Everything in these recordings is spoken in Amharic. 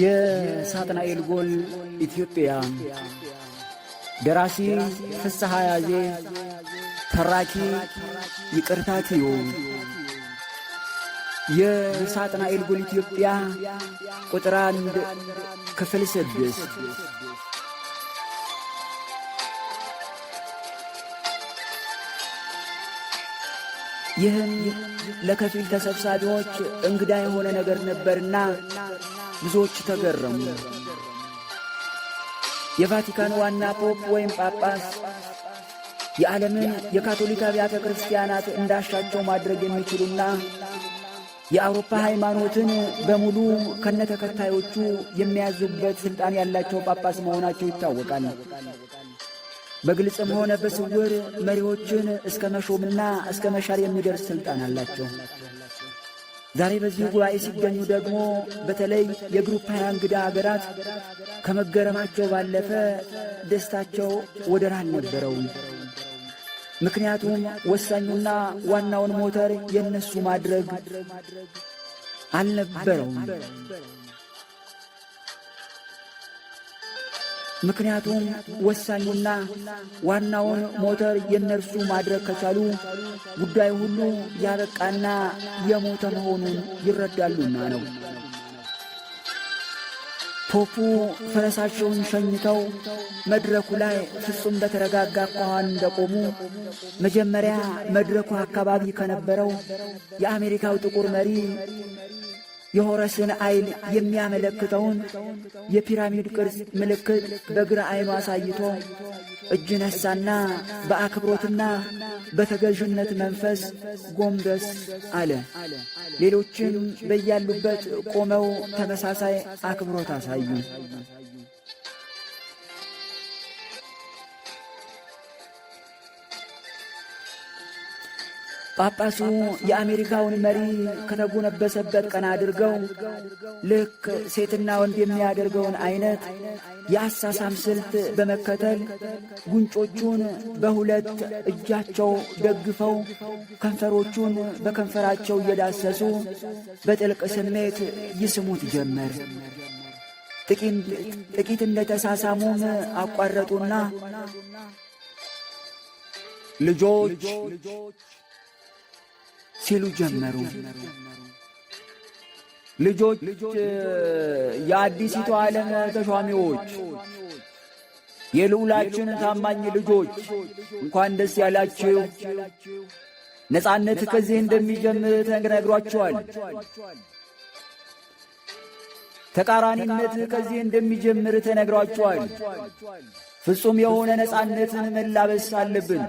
የሳጥናኤል ጎል ኢትዮጵያ ደራሲ ፍስሐ ያዜ፣ ተራኪ ይቅርታ ትዩ። የሳጥናኤል ጎል ኢትዮጵያ ቁጥር አንድ ክፍል ስድስት ይህም ለከፊል ተሰብሳቢዎች እንግዳ የሆነ ነገር ነበርና ብዙዎች ተገረሙ። የቫቲካን ዋና ፖፕ ወይም ጳጳስ የዓለምን የካቶሊክ አብያተ ክርስቲያናት እንዳሻቸው ማድረግ የሚችሉና የአውሮፓ ሃይማኖትን በሙሉ ከነተከታዮቹ የሚያዙበት ሥልጣን ያላቸው ጳጳስ መሆናቸው ይታወቃል። በግልጽም ሆነ በስውር መሪዎችን እስከ መሾምና እስከ መሻር የሚደርስ ሥልጣን አላቸው። ዛሬ በዚህ ጉባኤ ሲገኙ ደግሞ በተለይ የግሩፕ ሀያ እንግዳ አገራት ከመገረማቸው ባለፈ ደስታቸው ወደር አልነበረውም። ምክንያቱም ወሳኙና ዋናውን ሞተር የእነሱ ማድረግ አልነበረውም። ምክንያቱም ወሳኙና ዋናውን ሞተር የእነርሱ ማድረግ ከቻሉ ጉዳይ ሁሉ ያበቃና የሞተ መሆኑን ይረዳሉና ነው። ፖፑ ፈረሳቸውን ሸኝተው መድረኩ ላይ ፍጹም በተረጋጋ አኳኋን እንደቆሙ መጀመሪያ መድረኩ አካባቢ ከነበረው የአሜሪካው ጥቁር መሪ የሆረስን ዐይን የሚያመለክተውን የፒራሚድ ቅርጽ ምልክት በግራ ዐይኑ አሳይቶ እጅ ነሣና በአክብሮትና በተገዥነት መንፈስ ጎንበስ አለ። ሌሎችም በያሉበት ቆመው ተመሳሳይ አክብሮት አሳዩ። ጳጳሱ የአሜሪካውን መሪ ከተጎነበሰበት ቀን አድርገው ልክ ሴትና ወንድ የሚያደርገውን አይነት የአሳሳም ስልት በመከተል ጉንጮቹን በሁለት እጃቸው ደግፈው ከንፈሮቹን በከንፈራቸው እየዳሰሱ በጥልቅ ስሜት ይስሙት ጀመር። ጥቂት ተሳሳሙም አቋረጡና ልጆች ሲሉ ጀመሩ። ልጆች የአዲሲቱ ዓለም ተሿሚዎች፣ የልዑላችን ታማኝ ልጆች እንኳን ደስ ያላችሁ። ነፃነት ከዚህ እንደሚጀምር ተነግሯችኋል። ተቃራኒነት ከዚህ እንደሚጀምር ተነግሯችኋል። ፍጹም የሆነ ነፃነትን መላበስ አለብን።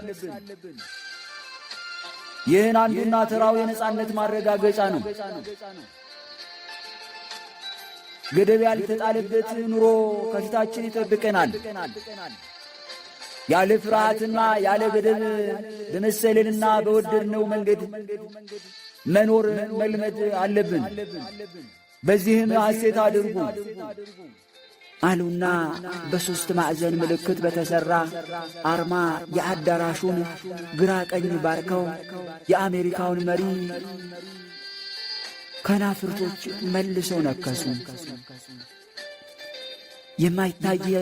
ይህን አንዱና ተራው የነጻነት ማረጋገጫ ነው። ገደብ ያልተጣለበት ኑሮ ከፊታችን ይጠብቀናል። ያለ ፍርሃትና ያለ ገደብ በመሰለንና በወደድነው መንገድ መኖር መልመድ አለብን። በዚህም ሐሴት አድርጉ። አሉና በሦስት ማዕዘን ምልክት በተሠራ አርማ የአዳራሹን ግራ ቀኝ ባርከው የአሜሪካውን መሪ ከናፍርቶች መልሰው ነከሱ። የማይታየ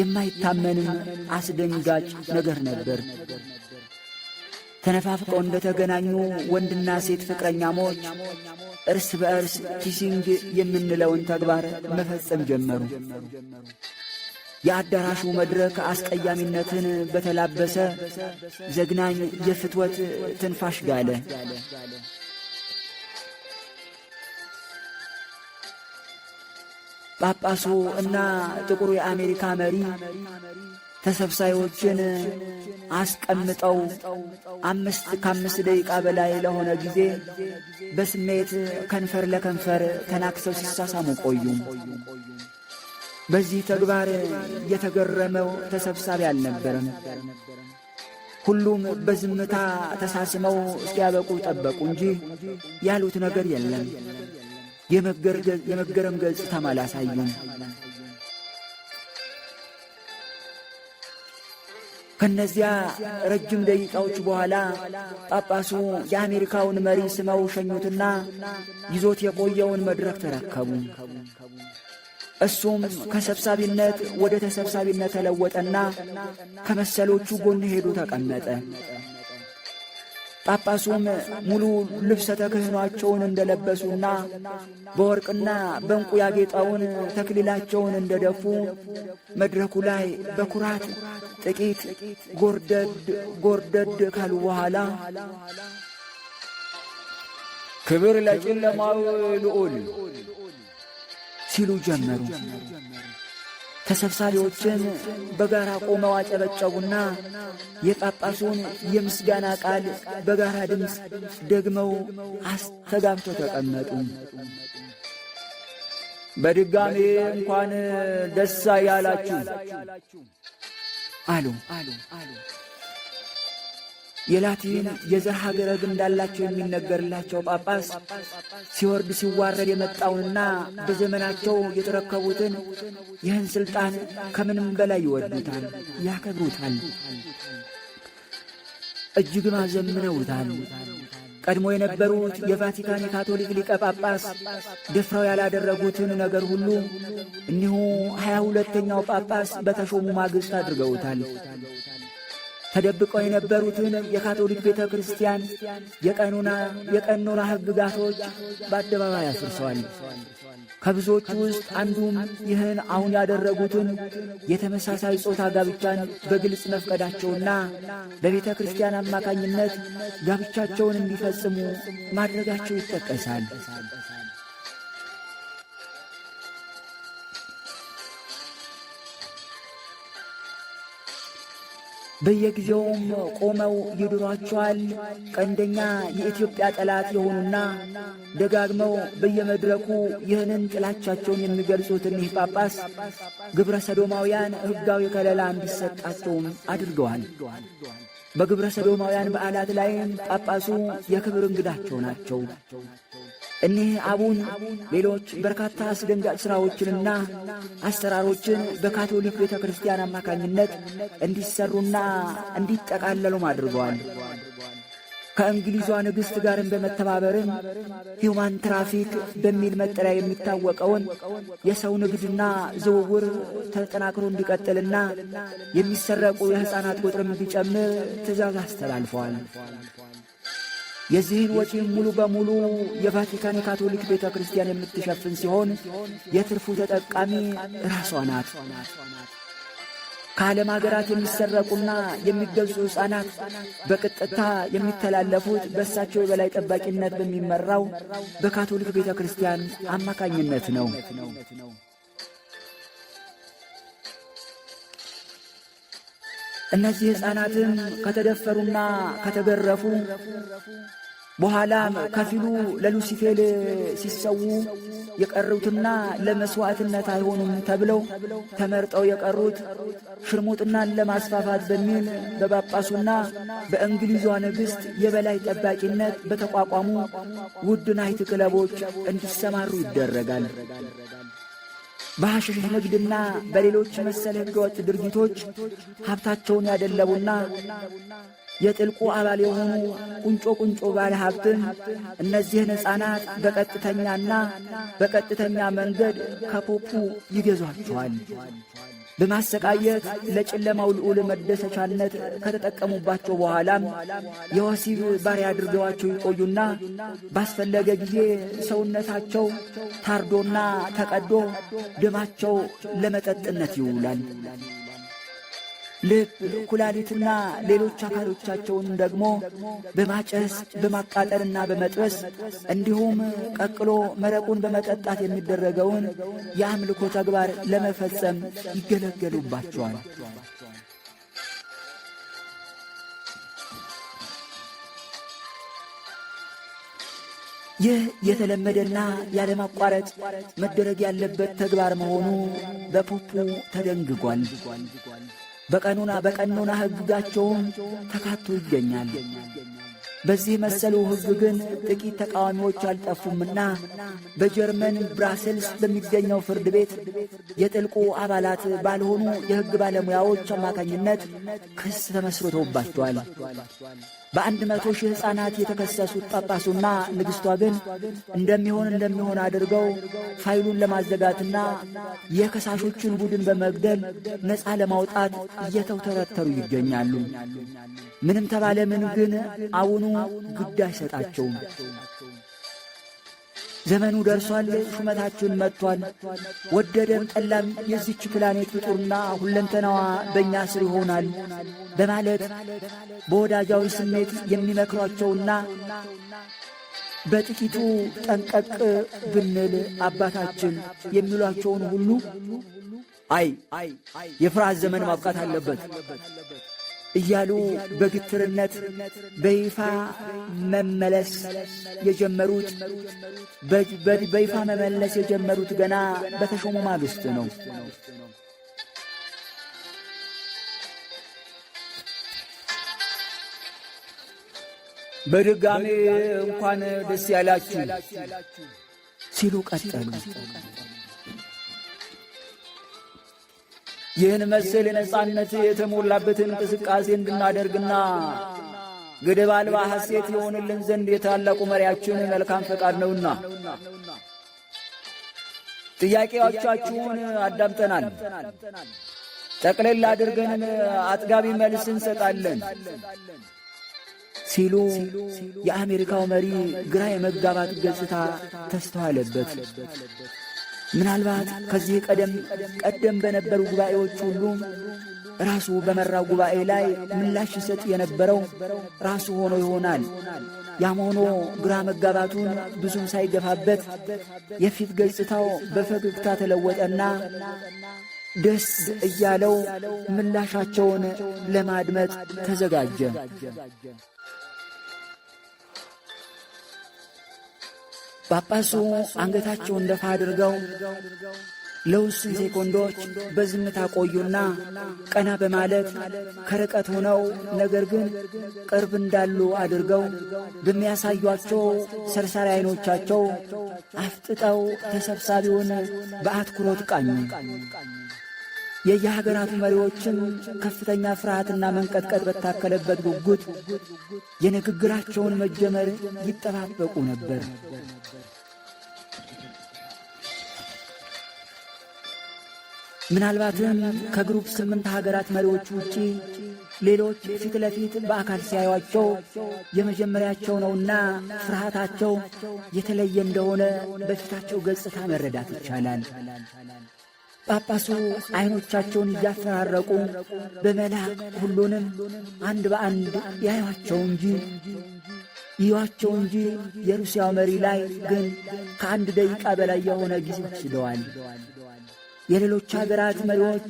የማይታመንም አስደንጋጭ ነገር ነበር። ተነፋፍቀው እንደተገናኙ ወንድና ሴት ፍቅረኛሞች እርስ በእርስ ኪሲንግ የምንለውን ተግባር መፈጸም ጀመሩ። የአዳራሹ መድረክ አስቀያሚነትን በተላበሰ ዘግናኝ የፍትወት ትንፋሽ ጋለ። ጳጳሱ እና ጥቁሩ የአሜሪካ መሪ ተሰብሳዮችን አስቀምጠው አምስት ከአምስት ደቂቃ በላይ ለሆነ ጊዜ በስሜት ከንፈር ለከንፈር ተናክሰው ሲሳሳሙ ቆዩ። በዚህ ተግባር የተገረመው ተሰብሳቢ አልነበረም። ሁሉም በዝምታ ተሳስመው እስኪያበቁ ጠበቁ እንጂ ያሉት ነገር የለም። የመገረም ገጽታም አላሳዩም። ከእነዚያ ረጅም ደቂቃዎች በኋላ ጳጳሱ የአሜሪካውን መሪ ስመው ሸኙትና ይዞት የቆየውን መድረክ ተረከቡ። እሱም ከሰብሳቢነት ወደ ተሰብሳቢነት ተለወጠና ከመሰሎቹ ጎን ሄዶ ተቀመጠ። ጳጳሱም ሙሉ ልብሰ ተክህኗቸውን እንደለበሱና በወርቅና በእንቁ ያጌጠውን ተክሊላቸውን እንደደፉ መድረኩ ላይ በኩራት ጥቂት ጎርደድ ጎርደድ ካሉ በኋላ ክብር ለጨለማው ልዑል ሲሉ ጀመሩ። ተሰብሳቢዎችን በጋራ ቆመው አጨበጨቡና የጳጳሱን የምስጋና ቃል በጋራ ድምፅ ደግመው አስተጋብቶ ተቀመጡ። በድጋሜ እንኳን ደስ ያላችሁ አሉ። የላቲን የዘር ሀገረ እንዳላቸው የሚነገርላቸው ጳጳስ ሲወርድ ሲዋረድ የመጣውንና በዘመናቸው የተረከቡትን ይህን ሥልጣን ከምንም በላይ ይወዱታል፣ ያከብሩታል፣ እጅግም አዘምነውታል። ቀድሞ የነበሩት የቫቲካን የካቶሊክ ሊቀ ጳጳስ ደፍረው ያላደረጉትን ነገር ሁሉ እኒሁ ሀያ ሁለተኛው ጳጳስ በተሾሙ ማግስት አድርገውታል። ተደብቀው የነበሩትን የካቶሊክ ቤተ ክርስቲያን የቀኖና ሕግጋቶች በአደባባይ አስርሰዋል። ከብዙዎቹ ውስጥ አንዱም ይህን አሁን ያደረጉትን የተመሳሳይ ጾታ ጋብቻን በግልጽ መፍቀዳቸውና በቤተ ክርስቲያን አማካኝነት ጋብቻቸውን እንዲፈጽሙ ማድረጋቸው ይጠቀሳል። በየጊዜውም ቆመው ይድሯቸዋል። ቀንደኛ የኢትዮጵያ ጠላት የሆኑና ደጋግመው በየመድረኩ ይህንን ጥላቻቸውን የሚገልጹት እኒህ ጳጳስ ግብረ ሰዶማውያን ሕጋዊ ከለላ እንዲሰጣቸውም አድርገዋል። በግብረ ሰዶማውያን በዓላት ላይም ጳጳሱ የክብር እንግዳቸው ናቸው። እኒህ አቡን ሌሎች በርካታ አስደንጋጭ ሥራዎችንና አሰራሮችን በካቶሊክ ቤተ ክርስቲያን አማካኝነት እንዲሠሩና እንዲጠቃለሉም አድርገዋል። ከእንግሊዟ ንግሥት ጋርም በመተባበርም ሂውማን ትራፊክ በሚል መጠሪያ የሚታወቀውን የሰው ንግድና ዝውውር ተጠናክሮ እንዲቀጥልና የሚሰረቁ የሕፃናት ቁጥርም እንዲጨምር ትእዛዝ አስተላልፈዋል። የዚህን ወጪ ሙሉ በሙሉ የቫቲካን የካቶሊክ ቤተ ክርስቲያን የምትሸፍን ሲሆን የትርፉ ተጠቃሚ ራሷ ናት። ከዓለም አገራት የሚሰረቁና የሚገዙ ሕፃናት በቅጥታ የሚተላለፉት በእሳቸው የበላይ ጠባቂነት በሚመራው በካቶሊክ ቤተ ክርስቲያን አማካኝነት ነው። እነዚህ ሕፃናትም ከተደፈሩና ከተገረፉ በኋላም ከፊሉ ለሉሲፌል ሲሰዉ የቀሩትና ለመሥዋዕትነት አይሆኑም ተብለው ተመርጠው የቀሩት ሽርሙጥናን ለማስፋፋት በሚል በጳጳሱና በእንግሊዟ ንግሥት የበላይ ጠባቂነት በተቋቋሙ ውድ ናይት ክለቦች እንዲሰማሩ ይደረጋል። በሐሽሽ ንግድና በሌሎች መሰል ሕገወጥ ድርጊቶች ሀብታቸውን ያደለቡና የጥልቁ አባል የሆኑ ቁንጮ ቁንጮ ባለ ሀብትም እነዚህን ሕፃናት በቀጥተኛና በቀጥተኛ መንገድ ከፖፑ ይገዟቸዋል። በማሰቃየት ለጨለማው ልዑል መደሰቻነት ከተጠቀሙባቸው በኋላም የወሲብ ባሪያ አድርገዋቸው ይቆዩና ባስፈለገ ጊዜ ሰውነታቸው ታርዶና ተቀዶ ደማቸው ለመጠጥነት ይውላል። ልብ፣ ኩላሊትና ሌሎች አካሎቻቸውን ደግሞ በማጨስ በማቃጠልና በመጥበስ እንዲሁም ቀቅሎ መረቁን በመጠጣት የሚደረገውን የአምልኮ ተግባር ለመፈጸም ይገለገሉባቸዋል። ይህ የተለመደና ያለማቋረጥ መደረግ ያለበት ተግባር መሆኑ በፖፑ ተደንግጓል። በቀኑና በቀኖና ሕግጋቸውም ተካቶ ይገኛል። በዚህ መሰሉ ሕግ ግን ጥቂት ተቃዋሚዎች አልጠፉምና በጀርመን ብራሰልስ በሚገኘው ፍርድ ቤት የጥልቁ አባላት ባልሆኑ የሕግ ባለሙያዎች አማካኝነት ክስ ተመስርቶባቸዋል። በአንድ መቶ ሺህ ሕፃናት የተከሰሱት ጳጳሱና ንግሥቷ ግን እንደሚሆን እንደሚሆን አድርገው ፋይሉን ለማዘጋትና የከሳሾቹን ቡድን በመግደል ነፃ ለማውጣት እየተውተረተሩ ይገኛሉ። ምንም ተባለ ምን ግን አቡኑ ግድ አይሰጣቸውም። ዘመኑ ደርሷል፣ ሹመታችን መጥቷል። ወደደም ጠላም የዚች ፕላኔት ፍጡርና ሁለንተናዋ በእኛ ስር ይሆናል በማለት በወዳጃዊ ስሜት የሚመክሯቸውና በጥቂቱ ጠንቀቅ ብንል አባታችን የሚሏቸውን ሁሉ አይ የፍርሃት ዘመን ማብቃት አለበት። እያሉ በግትርነት በይፋ መመለስ የጀመሩት በይፋ መመለስ የጀመሩት ገና በተሾሙ ማግስት ነው። በድጋሜ እንኳን ደስ ያላችሁ ሲሉ ቀጠሉ። ይህን መሰል የነፃነት የተሞላበትን እንቅስቃሴ እንድናደርግና ገደብ አልባ ሐሴት የሆንልን ዘንድ የታላቁ መሪያችን መልካም ፈቃድ ነውና ጥያቄዎቻችሁን አዳምጠናል። ጠቅለል አድርገን አጥጋቢ መልስ እንሰጣለን ሲሉ የአሜሪካው መሪ ግራ የመጋባት ገጽታ ተስተዋለበት። ምናልባት ከዚህ ቀደም ቀደም በነበሩ ጉባኤዎች ሁሉ ራሱ በመራው ጉባኤ ላይ ምላሽ ይሰጥ የነበረው ራሱ ሆኖ ይሆናል። ያም ሆኖ ግራ መጋባቱን ብዙም ሳይገፋበት የፊት ገጽታው በፈገግታ ተለወጠና ደስ እያለው ምላሻቸውን ለማድመጥ ተዘጋጀ። ጳጳሱ አንገታቸውን ደፋ አድርገው ለውስን ሴኮንዶች በዝምታ ቆዩና ቀና በማለት ከርቀት ሆነው ነገር ግን ቅርብ እንዳሉ አድርገው በሚያሳዩአቸው ሰርሳሪ ዓይኖቻቸው አፍጥጠው ተሰብሳቢውን በአትኩሮት ቃኙ። የየሀገራቱ መሪዎችም ከፍተኛ ፍርሃትና መንቀጥቀጥ በታከለበት ጉጉት የንግግራቸውን መጀመር ይጠባበቁ ነበር። ምናልባትም ከግሩፕ ስምንት ሀገራት መሪዎች ውጪ ሌሎች ፊት ለፊት በአካል ሲያዩቸው የመጀመሪያቸው ነውና ፍርሃታቸው የተለየ እንደሆነ በፊታቸው ገጽታ መረዳት ይቻላል። ጳጳሱ ዐይኖቻቸውን እያፈራረቁ በመላክ ሁሉንም አንድ በአንድ ያዩቸው እንጂ ይዋቸው እንጂ የሩሲያው መሪ ላይ ግን ከአንድ ደቂቃ በላይ የሆነ ጊዜ ወስደዋል። የሌሎች አገራት መሪዎች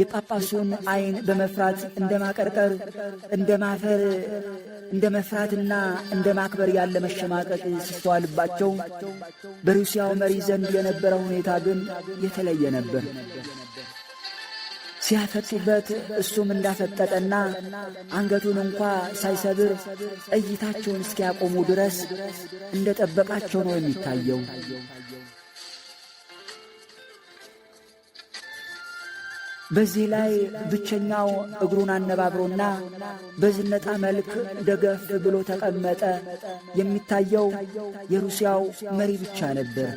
የጳጳሱን ዐይን በመፍራት እንደ ማቀርቀር እንደ ማፈር እንደ መፍራትና እንደ ማክበር ያለ መሸማቀቅ ሲስተዋልባቸው በሩሲያው መሪ ዘንድ የነበረው ሁኔታ ግን የተለየ ነበር። ሲያፈጡበት እሱም እንዳፈጠጠና አንገቱን እንኳ ሳይሰብር እይታቸውን እስኪያቆሙ ድረስ እንደ ጠበቃቸው ነው የሚታየው። በዚህ ላይ ብቸኛው እግሩን አነባብሮና በዝነጣ መልክ ደገፍ ብሎ ተቀመጠ። የሚታየው የሩሲያው መሪ ብቻ ነበር።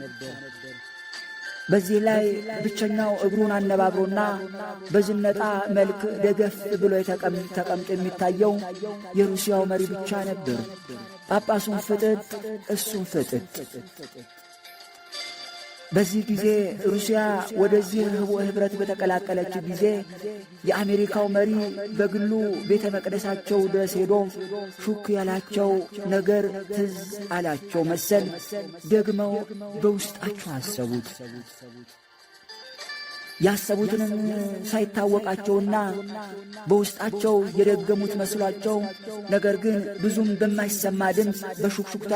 በዚህ ላይ ብቸኛው እግሩን አነባብሮና በዝነጣ መልክ ደገፍ ብሎ ተቀምጦ የሚታየው የሩሲያው መሪ ብቻ ነበር። ጳጳሱን ፍጥጥ፣ እሱም ፍጥጥ። በዚህ ጊዜ ሩሲያ ወደዚህ ኅብረት በተቀላቀለች ጊዜ የአሜሪካው መሪ በግሉ ቤተ መቅደሳቸው ድረስ ሄዶ ሹክ ያላቸው ነገር ትዝ አላቸው መሰል ደግመው በውስጣቸው አሰቡት። ያሰቡትንም ሳይታወቃቸውና በውስጣቸው የደገሙት መስሏቸው፣ ነገር ግን ብዙም በማይሰማ ድምፅ በሹክሹክታ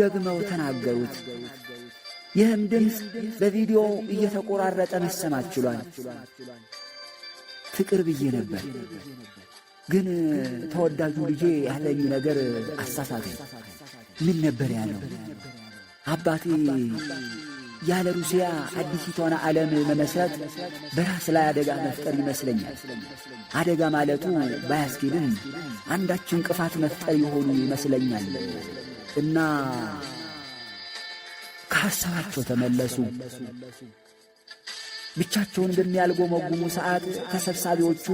ደግመው ተናገሩት። ይህም ድምፅ በቪዲዮ እየተቆራረጠ መሰማት ችሏል። ፍቅር ብዬ ነበር፣ ግን ተወዳጁ ልጄ ያለኝ ነገር አሳሳተኝ። ምን ነበር ያለው? አባቴ ያለ ሩሲያ አዲሲቷን ዓለም መመስረት በራስ ላይ አደጋ መፍጠር ይመስለኛል። አደጋ ማለቱ ባያስኬድም አንዳች እንቅፋት መፍጠር የሆኑ ይመስለኛል እና ከሐሳባቸው ተመለሱ። ብቻቸውን በሚያልጎመጉሙ ሰዓት ተሰብሳቢዎቹ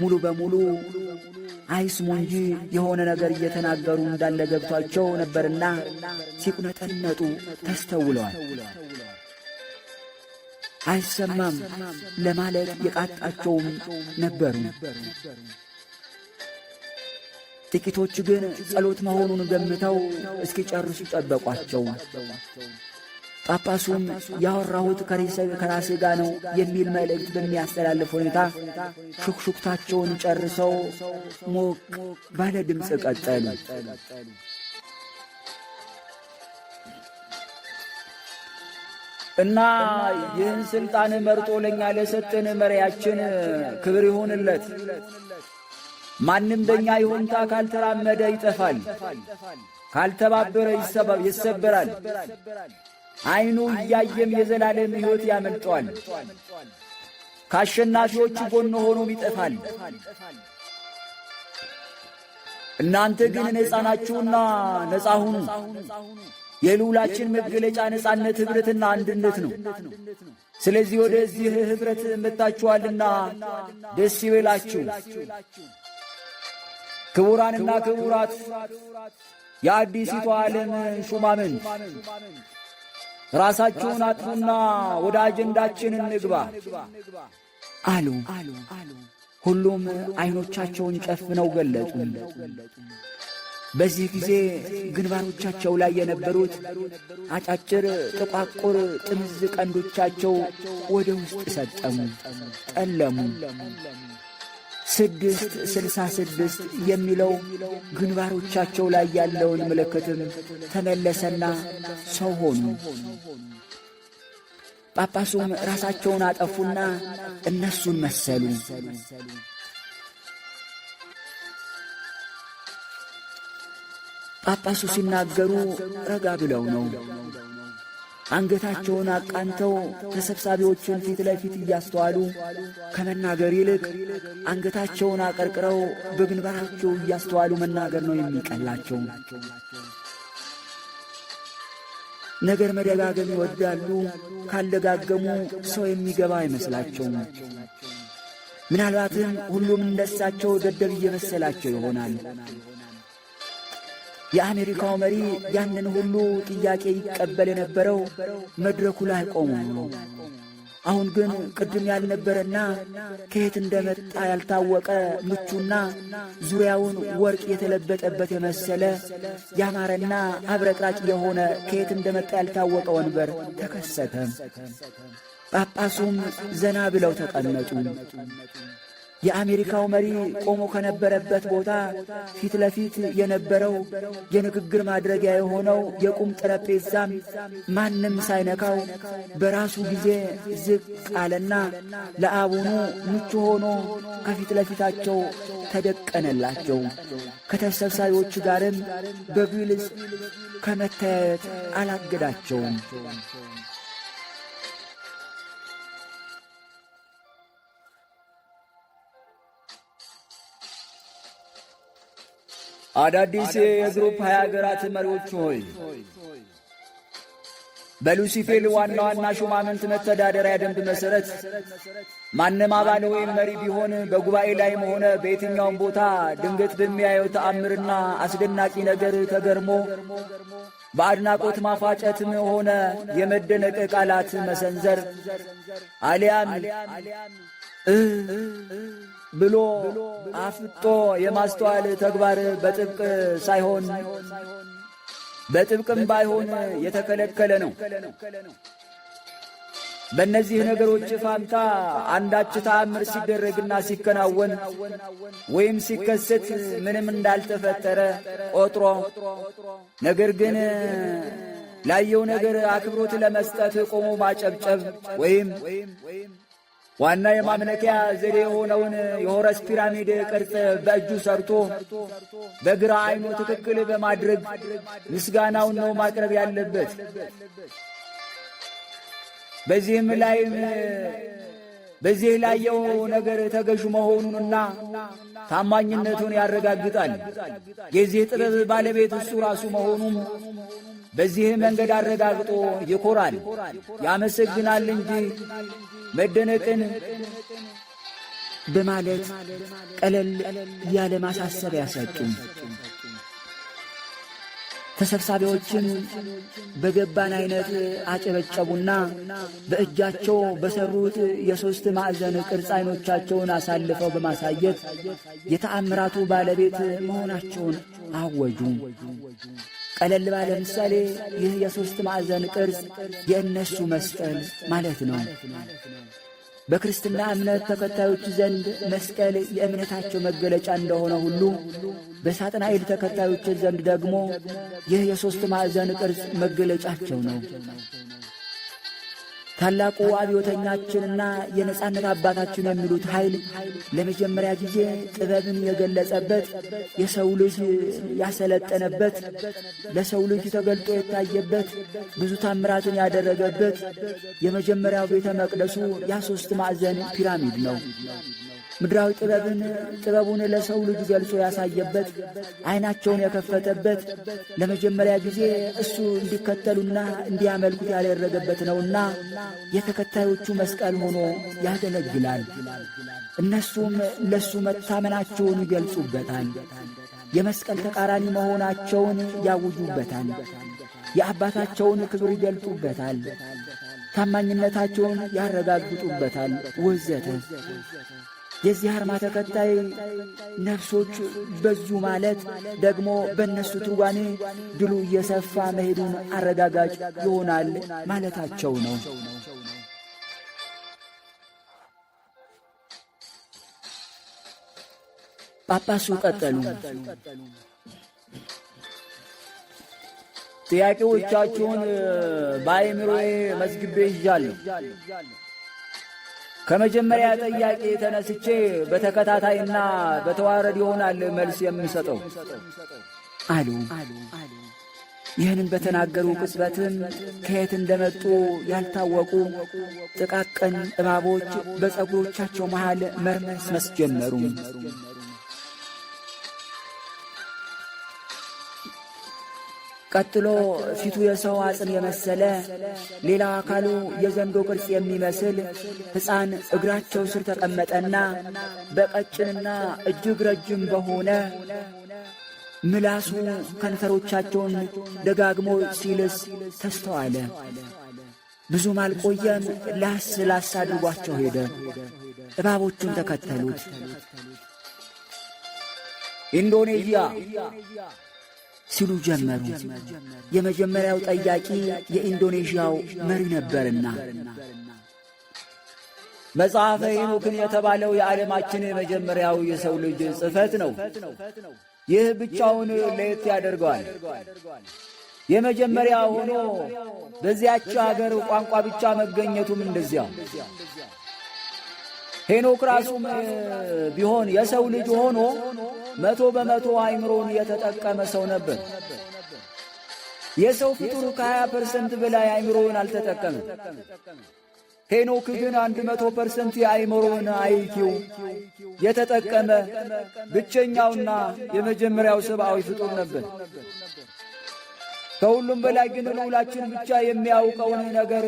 ሙሉ በሙሉ አይስሙ እንጂ የሆነ ነገር እየተናገሩ እንዳለ ገብቷቸው ነበርና ሲቁነጠነጡ ተስተውለዋል። አይሰማም ለማለት የቃጣቸውም ነበሩ። ጥቂቶቹ ግን ጸሎት መሆኑን ገምተው እስኪጨርሱ ጠበቋቸው። ጳጳሱም ያወራሁት ከራሴ ጋር ነው የሚል መልእክት በሚያስተላልፍ ሁኔታ ሹክሹክታቸውን ጨርሰው ሞቅ ባለ ድምፅ ቀጠሉ። እና ይህን ሥልጣን መርጦ ለእኛ ለሰጠን መሪያችን ክብር ይሁንለት። ማንም በእኛ ይሁንታ ካልተራመደ ይጠፋል፣ ካልተባበረ ይሰበራል። ዐይኑ እያየም የዘላለም ሕይወት ያመልጠዋል። ከአሸናፊዎቹ ጎን ሆኖም ይጠፋል። እናንተ ግን ነፃ ናችሁና ነፃ ሁኑ። የልዑላችን መገለጫ ነፃነት ኅብረትና አንድነት ነው። ስለዚህ ወደዚህ ኅብረት መጥታችኋልና ደስ ይበላችሁ። ክቡራንና ክቡራት የአዲሲቷ ዓለም ሹማምንት ራሳችሁን አጥፉና ወደ አጀንዳችን እንግባ አሉ። ሁሉም ዐይኖቻቸውን ጨፍነው ገለጡ። በዚህ ጊዜ ግንባሮቻቸው ላይ የነበሩት አጫጭር ጥቋቁር ጥምዝ ቀንዶቻቸው ወደ ውስጥ ሰጠሙ፣ ጠለሙ። ስድስት ስልሳ ስድስት የሚለው ግንባሮቻቸው ላይ ያለውን ምልክትም ተመለሰና ሰው ሆኑ። ጳጳሱም ራሳቸውን አጠፉና እነሱን መሰሉ። ጳጳሱ ሲናገሩ ረጋ ብለው ነው። አንገታቸውን አቃንተው ተሰብሳቢዎችን ፊት ለፊት እያስተዋሉ ከመናገር ይልቅ አንገታቸውን አቀርቅረው በግንባራቸው እያስተዋሉ መናገር ነው የሚቀላቸው። ነገር መደጋገም ይወዳሉ። ካለጋገሙ ሰው የሚገባ አይመስላቸውም። ምናልባትም ሁሉም እንደሳቸው ደደብ እየመሰላቸው ይሆናል። የአሜሪካው መሪ ያንን ሁሉ ጥያቄ ይቀበል የነበረው መድረኩ ላይ ቆሙ ነው። አሁን ግን ቅድም ያልነበረና ከየት እንደመጣ ያልታወቀ ምቹና ዙሪያውን ወርቅ የተለበጠበት የመሰለ ያማረና አብረቅራጭ የሆነ ከየት እንደመጣ ያልታወቀ ወንበር ተከሰተ። ጳጳሱም ዘና ብለው ተቀመጡ። የአሜሪካው መሪ ቆሞ ከነበረበት ቦታ ፊት ለፊት የነበረው የንግግር ማድረጊያ የሆነው የቁም ጠረጴዛም ማንም ሳይነካው በራሱ ጊዜ ዝቅ አለና ለአቡኑ ምቹ ሆኖ ከፊት ለፊታቸው ተደቀነላቸው። ከተሰብሳቢዎች ጋርም በግልጽ ከመተያየት አላገዳቸውም። አዳዲስ የግሩፕ ሀያ ሀገራት መሪዎች ሆይ በሉሲፌል ዋና ዋና ሹማምንት መተዳደሪያ ደንብ መሠረት ማንም አባል ወይም መሪ ቢሆን በጉባኤ ላይም ሆነ በየትኛውም ቦታ ድንገት በሚያየው ተአምርና አስደናቂ ነገር ተገርሞ በአድናቆት ማፏጨትም ሆነ የመደነቅ ቃላት መሰንዘር አሊያም ብሎ አፍጦ የማስተዋል ተግባር በጥብቅ ሳይሆን በጥብቅም ባይሆን የተከለከለ ነው። በእነዚህ ነገሮች ፋንታ አንዳች ተአምር ሲደረግና ሲከናወን ወይም ሲከሰት ምንም እንዳልተፈጠረ ቆጥሮ ነገር ግን ላየው ነገር አክብሮት ለመስጠት ቆሞ ማጨብጨብ ወይም ዋና የማምለኪያ ዘዴ የሆነውን የሆረስ ፒራሚድ ቅርጽ በእጁ ሰርቶ በግራ አይኑ ትክክል በማድረግ ምስጋናውን ነው ማቅረብ ያለበት። በዚህም ላይ በዚህ ላየው ነገር ተገዥ መሆኑንና ታማኝነቱን ያረጋግጣል። የዚህ ጥበብ ባለቤት እሱ ራሱ መሆኑም በዚህ መንገድ አረጋግጦ ይኮራል፣ ያመሰግናል እንጂ መደነቅን በማለት ቀለል ያለ ማሳሰቢያ ሰጡ። ተሰብሳቢዎችን በገባን አይነት አጨበጨቡና በእጃቸው በሰሩት የሦስት ማዕዘን ቅርጽ አይኖቻቸውን አሳልፈው በማሳየት የተአምራቱ ባለቤት መሆናቸውን አወጁ። ቀለል ባለ ምሳሌ ይህ የሦስት ማዕዘን ቅርጽ የእነሱ መስቀል ማለት ነው። በክርስትና እምነት ተከታዮች ዘንድ መስቀል የእምነታቸው መገለጫ እንደሆነ ሁሉ በሳጥናኤል ተከታዮች ዘንድ ደግሞ ይህ የሦስት ማዕዘን ቅርጽ መገለጫቸው ነው። ታላቁ አብዮተኛችንና የነጻነት አባታችን የሚሉት ኃይል ለመጀመሪያ ጊዜ ጥበብን የገለጸበት የሰው ልጅ ያሰለጠነበት ለሰው ልጅ ተገልጦ የታየበት ብዙ ታምራትን ያደረገበት የመጀመሪያው ቤተ መቅደሱ ያ ሦስት ማዕዘን ፒራሚድ ነው። ምድራዊ ጥበብን ጥበቡን ለሰው ልጅ ገልጾ ያሳየበት ዐይናቸውን የከፈተበት ለመጀመሪያ ጊዜ እሱ እንዲከተሉና እንዲያመልኩት ያደረገበት ነውና የተከታዮቹ መስቀል ሆኖ ያገለግላል። እነሱም ለእሱ መታመናቸውን ይገልጹበታል። የመስቀል ተቃራኒ መሆናቸውን ያውጁበታል። የአባታቸውን ክብር ይገልጡበታል። ታማኝነታቸውን ያረጋግጡበታል ወዘተ የዚህ አርማ ተከታይ ነፍሶች በዙ ማለት ደግሞ በእነሱ ትርጓሜ ድሉ እየሰፋ መሄዱን አረጋጋጭ ይሆናል ማለታቸው ነው። ጳጳሱ ቀጠሉ። ጥያቄዎቻችሁን በአይምሮዬ መዝግቤ ይዣለሁ። ከመጀመሪያ ጥያቄ ተነስቼ በተከታታይና በተዋረድ ይሆናል መልስ የምሰጠው አሉ። ይህንም በተናገሩ ቅጽበትም ከየት እንደመጡ ያልታወቁ ጥቃቅን እባቦች በፀጉሮቻቸው መሃል መርመስ መስጀመሩ። ቀጥሎ ፊቱ የሰው አጽም የመሰለ ሌላ አካሉ የዘንዶ ቅርጽ የሚመስል ሕፃን እግራቸው ስር ተቀመጠና በቀጭንና እጅግ ረጅም በሆነ ምላሱ ከንፈሮቻቸውን ደጋግሞ ሲልስ ተስተዋለ። ብዙም አልቆየም፣ ላስ ላስ አድርጓቸው ሄደ። እባቦቹን ተከተሉት። ኢንዶኔዥያ ሲሉ ጀመሩ። የመጀመሪያው ጠያቂ የኢንዶኔዥያው መሪ ነበርና መጽሐፈ ሄኖክን የተባለው የዓለማችን የመጀመሪያው የሰው ልጅ ጽሕፈት ነው። ይህ ብቻውን ለየት ያደርገዋል። የመጀመሪያ ሆኖ በዚያች አገር ቋንቋ ብቻ መገኘቱም እንደዚያው ሄኖክ ራሱም ቢሆን የሰው ልጅ ሆኖ መቶ በመቶ አእምሮን የተጠቀመ ሰው ነበር። የሰው ፍጡር ከ20 ፐርሰንት በላይ አይምሮውን አልተጠቀመም። ሄኖክ ግን አንድ መቶ ፐርሰንት የአይምሮውን አይኪው የተጠቀመ ብቸኛውና የመጀመሪያው ሰብአዊ ፍጡር ነበር። ከሁሉም በላይ ግን ልዑላችን ብቻ የሚያውቀውን ነገር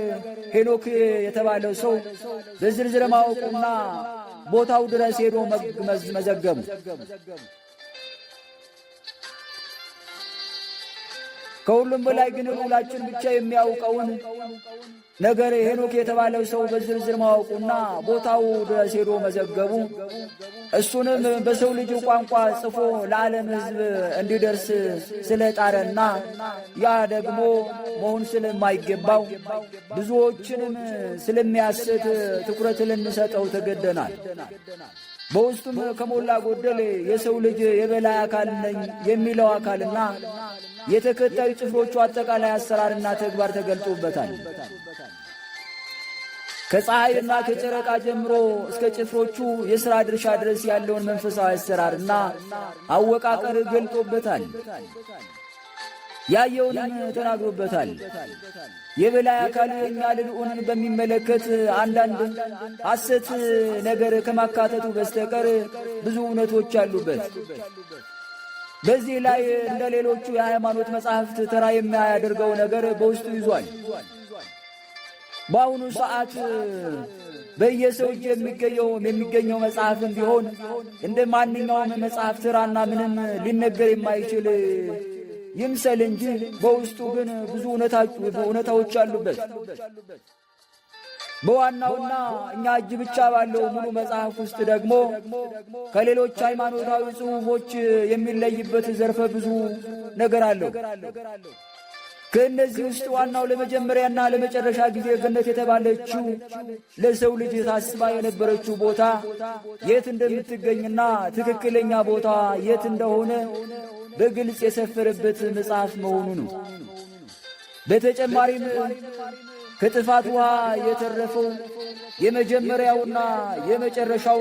ሄኖክ የተባለው ሰው በዝርዝር ማወቁና ቦታው ድረስ ሄዶ መዘገቡ ከሁሉም በላይ ግን ሁላችን ብቻ የሚያውቀውን ነገር ሄኖክ የተባለው ሰው በዝርዝር ማወቁና ቦታው ድረስ ሄዶ መዘገቡ እሱንም በሰው ልጅ ቋንቋ ጽፎ ለዓለም ሕዝብ እንዲደርስ ስለጣረና ያ ደግሞ መሆን ስለማይገባው ብዙዎችንም ስለሚያስት ትኩረት ልንሰጠው ተገደናል። በውስጡም ከሞላ ጎደል የሰው ልጅ የበላይ አካል ነኝ የሚለው አካልና የተከታዩ ጭፍሮቹ አጠቃላይ አሰራርና ተግባር ተገልጦበታል። ከፀሐይና ከጨረቃ ጀምሮ እስከ ጭፍሮቹ የሥራ ድርሻ ድረስ ያለውን መንፈሳዊ አሰራርና አወቃቀር ገልጦበታል። ያየውንም ተናግሮበታል። የበላይ አካል የእኛ ልልዑንን በሚመለከት አንዳንድ ሐሰት ነገር ከማካተቱ በስተቀር ብዙ እውነቶች አሉበት። በዚህ ላይ እንደ ሌሎቹ የሃይማኖት መጻሕፍት ተራ የሚያደርገው ነገር በውስጡ ይዟል። በአሁኑ ሰዓት በየሰው እጅ የሚገኘው መጽሐፍም ቢሆን እንደ ማንኛውም መጽሐፍ ትራና ምንም ሊነገር የማይችል ይምሰል እንጂ በውስጡ ግን ብዙ እውነታዎች አሉበት። በዋናውና እኛ እጅ ብቻ ባለው ሙሉ መጽሐፍ ውስጥ ደግሞ ከሌሎች ሃይማኖታዊ ጽሑፎች የሚለይበት ዘርፈ ብዙ ነገር አለው። ከእነዚህ ውስጥ ዋናው ለመጀመሪያና ለመጨረሻ ጊዜ ገነት የተባለችው ለሰው ልጅ ታስባ የነበረችው ቦታ የት እንደምትገኝና ትክክለኛ ቦታ የት እንደሆነ በግልጽ የሰፈረበት መጽሐፍ መሆኑ ነው። በተጨማሪም ከጥፋት ውሃ የተረፈው የመጀመሪያውና የመጨረሻው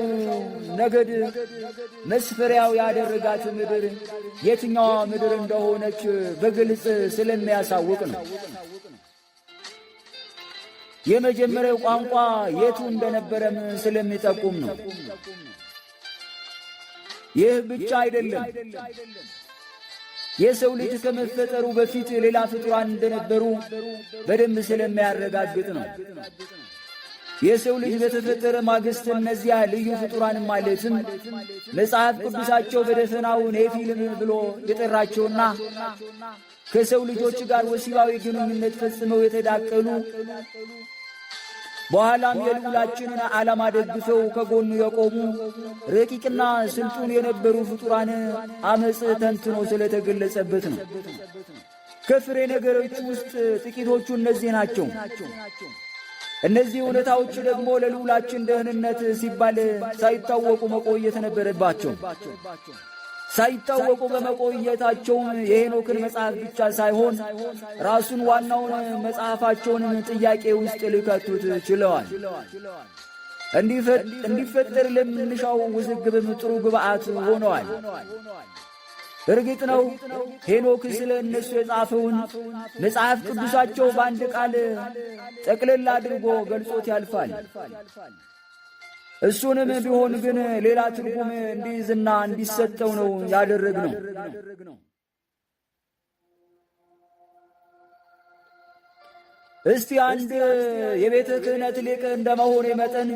ነገድ መስፈሪያው ያደረጋት ምድር የትኛዋ ምድር እንደሆነች በግልጽ ስለሚያሳውቅ ነው። የመጀመሪያው ቋንቋ የቱ እንደነበረም ስለሚጠቁም ነው። ይህ ብቻ አይደለም። የሰው ልጅ ከመፈጠሩ በፊት ሌላ ፍጡራን እንደነበሩ በደንብ ስለሚያረጋግጥ ነው። የሰው ልጅ በተፈጠረ ማግስት እነዚያ ልዩ ፍጡራን ማለትም መጽሐፍ ቅዱሳቸው በደፈናው ኔፊልም ብሎ የጠራቸውና ከሰው ልጆች ጋር ወሲባዊ ግንኙነት ፈጽመው የተዳቀሉ በኋላም የልዑላችንን ዓላማ ደግፈው ከጎኑ የቆሙ ረቂቅና ስልጡን የነበሩ ፍጡራን አመፅ ተንትኖ ስለተገለጸበት ነው። ከፍሬ ነገሮች ውስጥ ጥቂቶቹ እነዚህ ናቸው። እነዚህ እውነታዎች ደግሞ ለልዑላችን ደህንነት ሲባል ሳይታወቁ መቆየት ነበረባቸው። ሳይታወቁ በመቆየታቸውም የሄኖክን መጽሐፍ ብቻ ሳይሆን ራሱን ዋናውን መጽሐፋቸውን ጥያቄ ውስጥ ሊከቱት ችለዋል። እንዲፈጠር ለምንሻው ውዝግብም ጥሩ ግብአት ሆነዋል። እርግጥ ነው ሄኖክ ስለ እነሱ የጻፈውን መጽሐፍ ቅዱሳቸው በአንድ ቃል ጠቅልል አድርጎ ገልጾት ያልፋል። እሱንም ቢሆን ግን ሌላ ትርጉም እንዲይዝና እንዲሰጠው ነው ያደረግነው። እስቲ አንድ የቤተ ክህነት ሊቅ እንደመሆኔ መጠን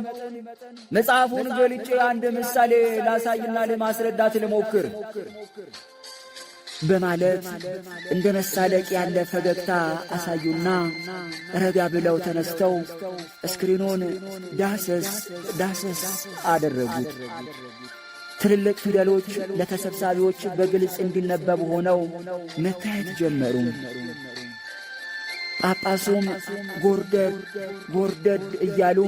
መጽሐፉን ገልጬ አንድ ምሳሌ ላሳይና ለማስረዳት ልሞክር። በማለት እንደ መሳለቅ ያለ ፈገግታ አሳዩና ረጋ ብለው ተነስተው እስክሪኑን ዳሰስ ዳሰስ አደረጉት። ትልልቅ ፊደሎች ለተሰብሳቢዎች በግልጽ እንዲነበቡ ሆነው መታየት ጀመሩ። ጳጳሱም ጎርደድ ጎርደድ እያሉ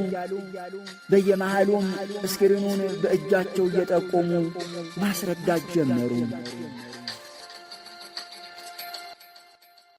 በየመሃሉም እስክሪኑን በእጃቸው እየጠቆሙ ማስረዳት ጀመሩ።